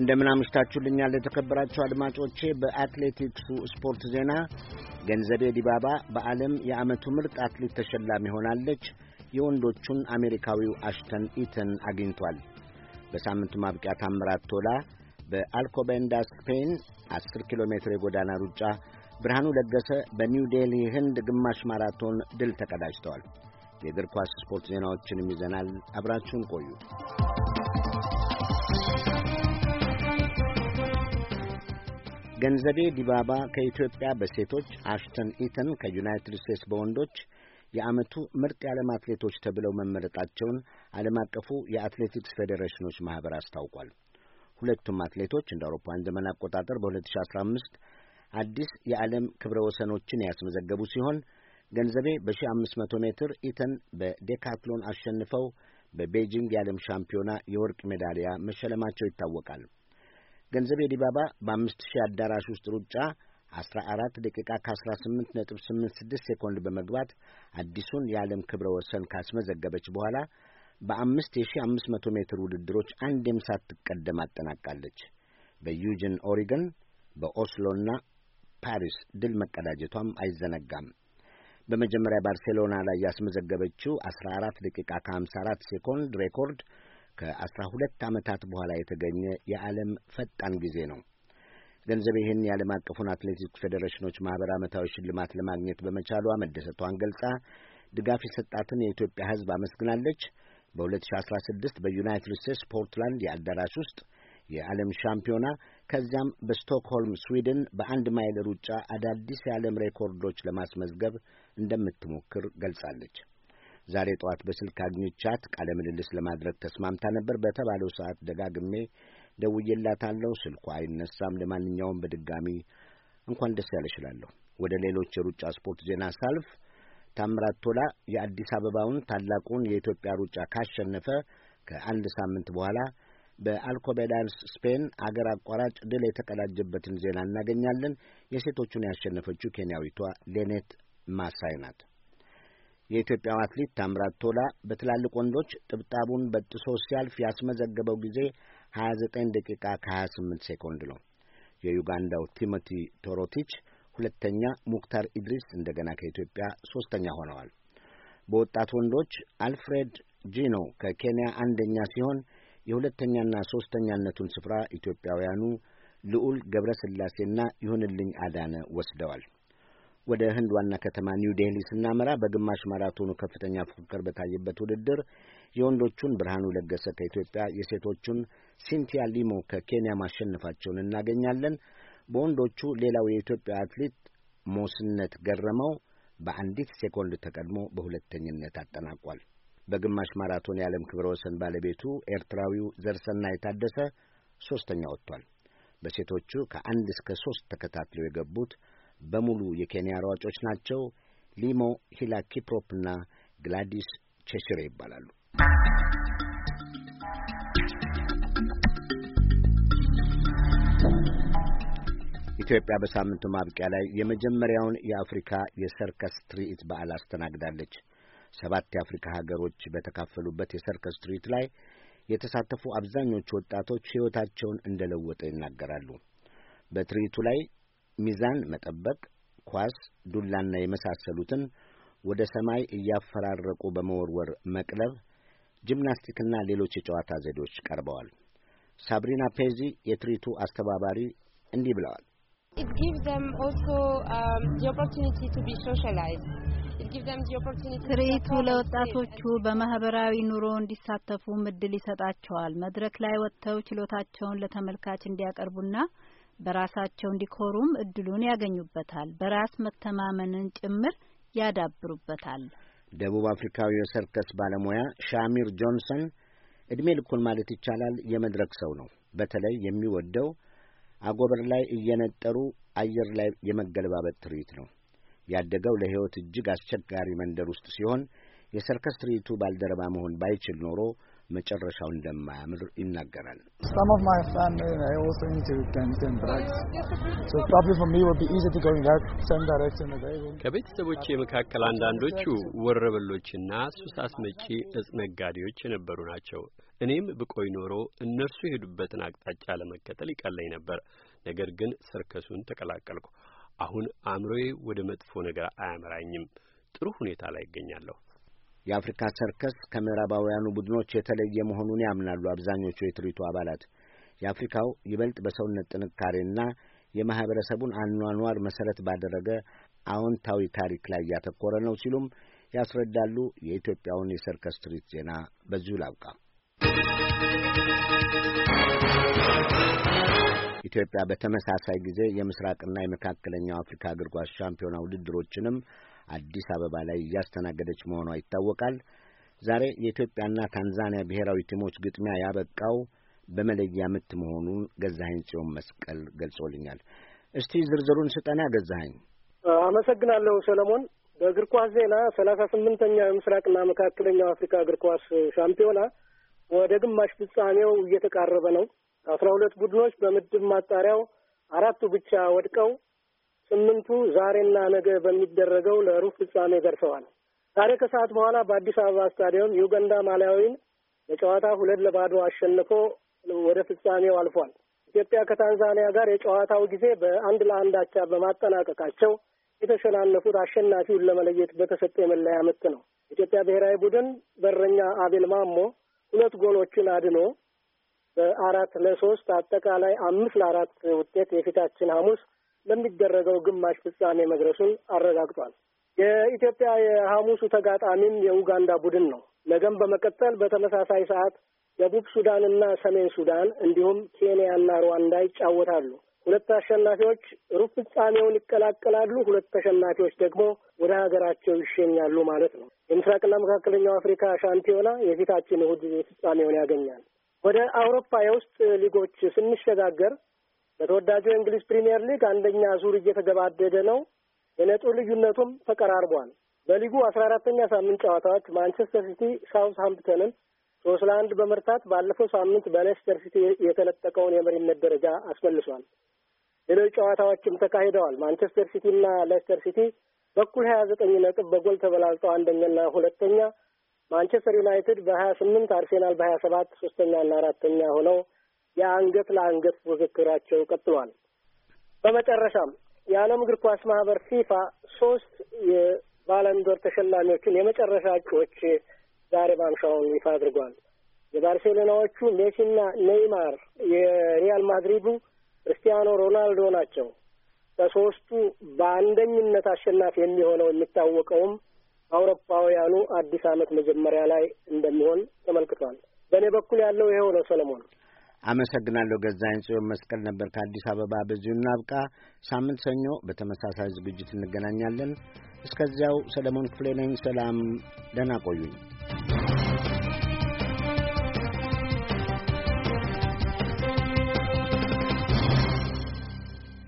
እንደምን አምሽታችሁልኛል የተከበራችሁ አድማጮቼ። በአትሌቲክሱ ስፖርት ዜና ገንዘቤ ዲባባ በዓለም የዓመቱ ምርጥ አትሌት ተሸላሚ ሆናለች። የወንዶቹን አሜሪካዊው አሽተን ኢተን አግኝቷል። በሳምንቱ ማብቂያ ታምራት ቶላ በአልኮበንዳ ስፔን 10 ኪሎ ሜትር የጎዳና ሩጫ፣ ብርሃኑ ለገሰ በኒው ዴልሂ ህንድ ግማሽ ማራቶን ድል ተቀዳጅተዋል። የእግር ኳስ ስፖርት ዜናዎችንም ይዘናል። አብራችሁን ቆዩ። ገንዘቤ ዲባባ ከኢትዮጵያ በሴቶች አሽተን ኢተን ከዩናይትድ ስቴትስ በወንዶች የዓመቱ ምርጥ የዓለም አትሌቶች ተብለው መመረጣቸውን ዓለም አቀፉ የአትሌቲክስ ፌዴሬሽኖች ማኅበር አስታውቋል። ሁለቱም አትሌቶች እንደ አውሮፓውያን ዘመን አቆጣጠር በ2015 አዲስ የዓለም ክብረ ወሰኖችን ያስመዘገቡ ሲሆን ገንዘቤ በ1500 ሜትር፣ ኢተን በዴካትሎን አሸንፈው በቤጂንግ የዓለም ሻምፒዮና የወርቅ ሜዳሊያ መሸለማቸው ይታወቃል። ገንዘቤ ዲባባ በአምስት ሺህ አዳራሽ ውስጥ ሩጫ 14 ደቂቃ ስምንት 1886 ሴኮንድ በመግባት አዲሱን የዓለም ክብረ ወሰን ካስመዘገበች በኋላ በአምስት የሺህ መቶ ሜትር ውድድሮች አንዴም ሳትቀደም አጠናቃለች። በዩጅን ኦሪገን፣ በኦስሎና ፓሪስ ድል መቀዳጀቷም አይዘነጋም። በመጀመሪያ ባርሴሎና ላይ ያስመዘገበችው 14 ደቂቃ ከ54 ሴኮንድ ሬኮርድ ከአስራ ሁለት ዓመታት በኋላ የተገኘ የዓለም ፈጣን ጊዜ ነው። ገንዘብ ይህን የዓለም አቀፉን አትሌቲክስ ፌዴሬሽኖች ማኅበር ዓመታዊ ሽልማት ለማግኘት በመቻሏ መደሰቷን ገልጻ ድጋፍ የሰጣትን የኢትዮጵያ ሕዝብ አመስግናለች። በ2016 በዩናይትድ ስቴትስ ፖርትላንድ የአዳራሽ ውስጥ የዓለም ሻምፒዮና ከዚያም በስቶክሆልም ስዊድን በአንድ ማይል ሩጫ አዳዲስ የዓለም ሬኮርዶች ለማስመዝገብ እንደምትሞክር ገልጻለች። ዛሬ ጠዋት በስልክ አግኝቻት ቃለ ምልልስ ለማድረግ ተስማምታ ነበር። በተባለው ሰዓት ደጋግሜ ደውዬላታለሁ። ስልኳ አይነሳም። ለማንኛውም በድጋሚ እንኳን ደስ ያለሽ ወደ ሌሎች የሩጫ ስፖርት ዜና ሳልፍ ታምራት ቶላ የአዲስ አበባውን ታላቁን የኢትዮጵያ ሩጫ ካሸነፈ ከአንድ ሳምንት በኋላ በአልኮቤዳንስ ስፔን አገር አቋራጭ ድል የተቀዳጀበትን ዜና እናገኛለን። የሴቶቹን ያሸነፈችው ኬንያዊቷ ሌኔት ማሳይ ናት። የኢትዮጵያው አትሌት ታምራት ቶላ በትላልቅ ወንዶች ጥብጣቡን በጥሶ ሲያልፍ ያስመዘገበው ጊዜ 29 ደቂቃ ከ28 ሴኮንድ ነው። የዩጋንዳው ቲሞቲ ቶሮቲች ሁለተኛ፣ ሙክታር ኢድሪስ እንደገና ከኢትዮጵያ ሦስተኛ ሆነዋል። በወጣት ወንዶች አልፍሬድ ጂኖ ከኬንያ አንደኛ ሲሆን የሁለተኛና ሦስተኛነቱን ስፍራ ኢትዮጵያውያኑ ልዑል ገብረ ሥላሴና ይሁንልኝ አዳነ ወስደዋል። ወደ ህንድ ዋና ከተማ ኒው ዴህሊ ስናመራ በግማሽ ማራቶኑ ከፍተኛ ፉክክር በታየበት ውድድር የወንዶቹን ብርሃኑ ለገሰ ከኢትዮጵያ፣ የሴቶቹን ሲንቲያ ሊሞ ከኬንያ ማሸነፋቸውን እናገኛለን። በወንዶቹ ሌላው የኢትዮጵያ አትሌት ሞስነት ገረመው በአንዲት ሴኮንድ ተቀድሞ በሁለተኝነት አጠናቋል። በግማሽ ማራቶን የዓለም ክብረ ወሰን ባለቤቱ ኤርትራዊው ዘርሰና የታደሰ ሦስተኛ ወጥቷል። በሴቶቹ ከአንድ እስከ ሦስት ተከታትለው የገቡት በሙሉ የኬንያ ሯጮች ናቸው። ሊሞ ሂላ ኪፕሮፕና ግላዲስ ቼሽሬ ይባላሉ። ኢትዮጵያ በሳምንቱ ማብቂያ ላይ የመጀመሪያውን የአፍሪካ የሰርከስ ትርኢት በዓል አስተናግዳለች። ሰባት የአፍሪካ ሀገሮች በተካፈሉበት የሰርከስ ትርኢት ላይ የተሳተፉ አብዛኞቹ ወጣቶች ሕይወታቸውን እንደለወጠ ይናገራሉ። በትርኢቱ ላይ ሚዛን መጠበቅ፣ ኳስ፣ ዱላና የመሳሰሉትን ወደ ሰማይ እያፈራረቁ በመወርወር መቅለብ፣ ጂምናስቲክና ሌሎች የጨዋታ ዘዴዎች ቀርበዋል። ሳብሪና ፔዚ የትርኢቱ አስተባባሪ እንዲህ ብለዋል። um, ትርኢቱ ለወጣቶቹ በማህበራዊ ኑሮ እንዲሳተፉ ምድል ይሰጣቸዋል። መድረክ ላይ ወጥተው ችሎታቸውን ለተመልካች እንዲያቀርቡና በራሳቸው እንዲኮሩም እድሉን ያገኙበታል። በራስ መተማመንን ጭምር ያዳብሩበታል። ደቡብ አፍሪካዊ የሰርከስ ባለሙያ ሻሚር ጆንሰን እድሜ ልኩን ማለት ይቻላል የመድረክ ሰው ነው። በተለይ የሚወደው አጎበር ላይ እየነጠሩ አየር ላይ የመገለባበጥ ትርኢት ነው። ያደገው ለሕይወት እጅግ አስቸጋሪ መንደር ውስጥ ሲሆን የሰርከስ ትርኢቱ ባልደረባ መሆን ባይችል ኖሮ መጨረሻው እንደማያምር ይናገራል። ከቤተሰቦቼ መካከል አንዳንዶቹ ወረበሎችና ሱስ አስመጪ እጽ ነጋዴዎች የነበሩ ናቸው። እኔም ብቆይ ኖሮ እነርሱ የሄዱበትን አቅጣጫ ለመከተል ይቀለኝ ነበር። ነገር ግን ሰርከሱን ተቀላቀልኩ። አሁን አእምሮዬ ወደ መጥፎ ነገር አያመራኝም። ጥሩ ሁኔታ ላይ ይገኛለሁ። የአፍሪካ ሰርከስ ከምዕራባውያኑ ቡድኖች የተለየ መሆኑን ያምናሉ አብዛኞቹ የትርኢቱ አባላት። የአፍሪካው ይበልጥ በሰውነት ጥንካሬና የማኅበረሰቡን አኗኗር መሠረት ባደረገ አዎንታዊ ታሪክ ላይ ያተኮረ ነው ሲሉም ያስረዳሉ። የኢትዮጵያውን የሰርከስ ትርኢት ዜና በዚሁ ላብቃ። ኢትዮጵያ በተመሳሳይ ጊዜ የምስራቅና የመካከለኛው አፍሪካ እግር ኳስ ሻምፒዮና ውድድሮችንም አዲስ አበባ ላይ እያስተናገደች መሆኗ ይታወቃል። ዛሬ የኢትዮጵያና ታንዛኒያ ብሔራዊ ቲሞች ግጥሚያ ያበቃው በመለያ ምት መሆኑን ገዛኸኝ ጽዮን መስቀል ገልጾልኛል። እስቲ ዝርዝሩን ስጠና ገዛኸኝ። አመሰግናለሁ ሰለሞን። በእግር ኳስ ዜና ሰላሳ ስምንተኛ የምስራቅና መካከለኛው አፍሪካ እግር ኳስ ሻምፒዮና ወደ ግማሽ ፍጻሜው እየተቃረበ ነው። አስራ ሁለት ቡድኖች በምድብ ማጣሪያው አራቱ ብቻ ወድቀው ስምንቱ ዛሬና ነገ በሚደረገው ለሩብ ፍጻሜ ደርሰዋል። ዛሬ ከሰዓት በኋላ በአዲስ አበባ ስታዲየም ዩጋንዳ ማሊያዊን በጨዋታ ሁለት ለባዶ አሸንፎ ወደ ፍጻሜው አልፏል። ኢትዮጵያ ከታንዛኒያ ጋር የጨዋታው ጊዜ በአንድ ለአንድ አቻ በማጠናቀቃቸው የተሸናነፉት አሸናፊውን ለመለየት በተሰጠ የመለያ ምት ነው። ኢትዮጵያ ብሔራዊ ቡድን በረኛ አቤል ማሞ ሁለት ጎሎችን አድኖ በአራት ለሶስት አጠቃላይ አምስት ለአራት ውጤት የፊታችን ሐሙስ ለሚደረገው ግማሽ ፍጻሜ መድረሱን አረጋግጧል። የኢትዮጵያ የሐሙሱ ተጋጣሚም የኡጋንዳ ቡድን ነው። ነገም በመቀጠል በተመሳሳይ ሰዓት ደቡብ ሱዳን እና ሰሜን ሱዳን እንዲሁም ኬንያና ሩዋንዳ ይጫወታሉ። ሁለት አሸናፊዎች ሩብ ፍጻሜውን ይቀላቀላሉ። ሁለት ተሸናፊዎች ደግሞ ወደ ሀገራቸው ይሸኛሉ ማለት ነው። የምስራቅና መካከለኛው አፍሪካ ሻምፒዮና የፊታችን እሑድ ፍጻሜውን ያገኛል። ወደ አውሮፓ የውስጥ ሊጎች ስንሸጋገር በተወዳጁ የእንግሊዝ ፕሪምየር ሊግ አንደኛ ዙር እየተገባደደ ነው። የነጥብ ልዩነቱም ተቀራርቧል። በሊጉ አስራ አራተኛ ሳምንት ጨዋታዎች ማንቸስተር ሲቲ ሳውስ ሳውዝሃምፕተንን ሶስት ለአንድ በመርታት ባለፈው ሳምንት በሌስተር ሲቲ የተለጠቀውን የመሪነት ደረጃ አስመልሷል። ሌሎች ጨዋታዎችም ተካሂደዋል። ማንቸስተር ሲቲ እና ሌስተር ሲቲ በኩል ሀያ ዘጠኝ ነጥብ በጎል ተበላልጠው አንደኛና ሁለተኛ፣ ማንቸስተር ዩናይትድ በሀያ ስምንት አርሴናል በሀያ ሰባት ሶስተኛና አራተኛ ሆነው የአንገት ለአንገት ፉክክራቸው ቀጥሏል። በመጨረሻም የዓለም እግር ኳስ ማህበር ፊፋ ሶስት የባለንዶር ተሸላሚዎችን የመጨረሻ እጩዎች ዛሬ ማምሻውን ይፋ አድርጓል። የባርሴሎናዎቹ ሜሲና ኔይማር፣ የሪያል ማድሪዱ ክርስቲያኖ ሮናልዶ ናቸው። ከሶስቱ በአንደኝነት አሸናፊ የሚሆነው የሚታወቀውም አውሮፓውያኑ አዲስ ዓመት መጀመሪያ ላይ እንደሚሆን ተመልክቷል። በእኔ በኩል ያለው ይኸው ነው ሰለሞን። አመሰግናለሁ። ገዛኝ ጽዮን መስቀል ነበር ከአዲስ አበባ። በዚሁ እናብቃ። ሳምንት ሰኞ በተመሳሳይ ዝግጅት እንገናኛለን። እስከዚያው ሰለሞን ክፍሌ ነኝ። ሰላም፣ ደህና ቆዩኝ።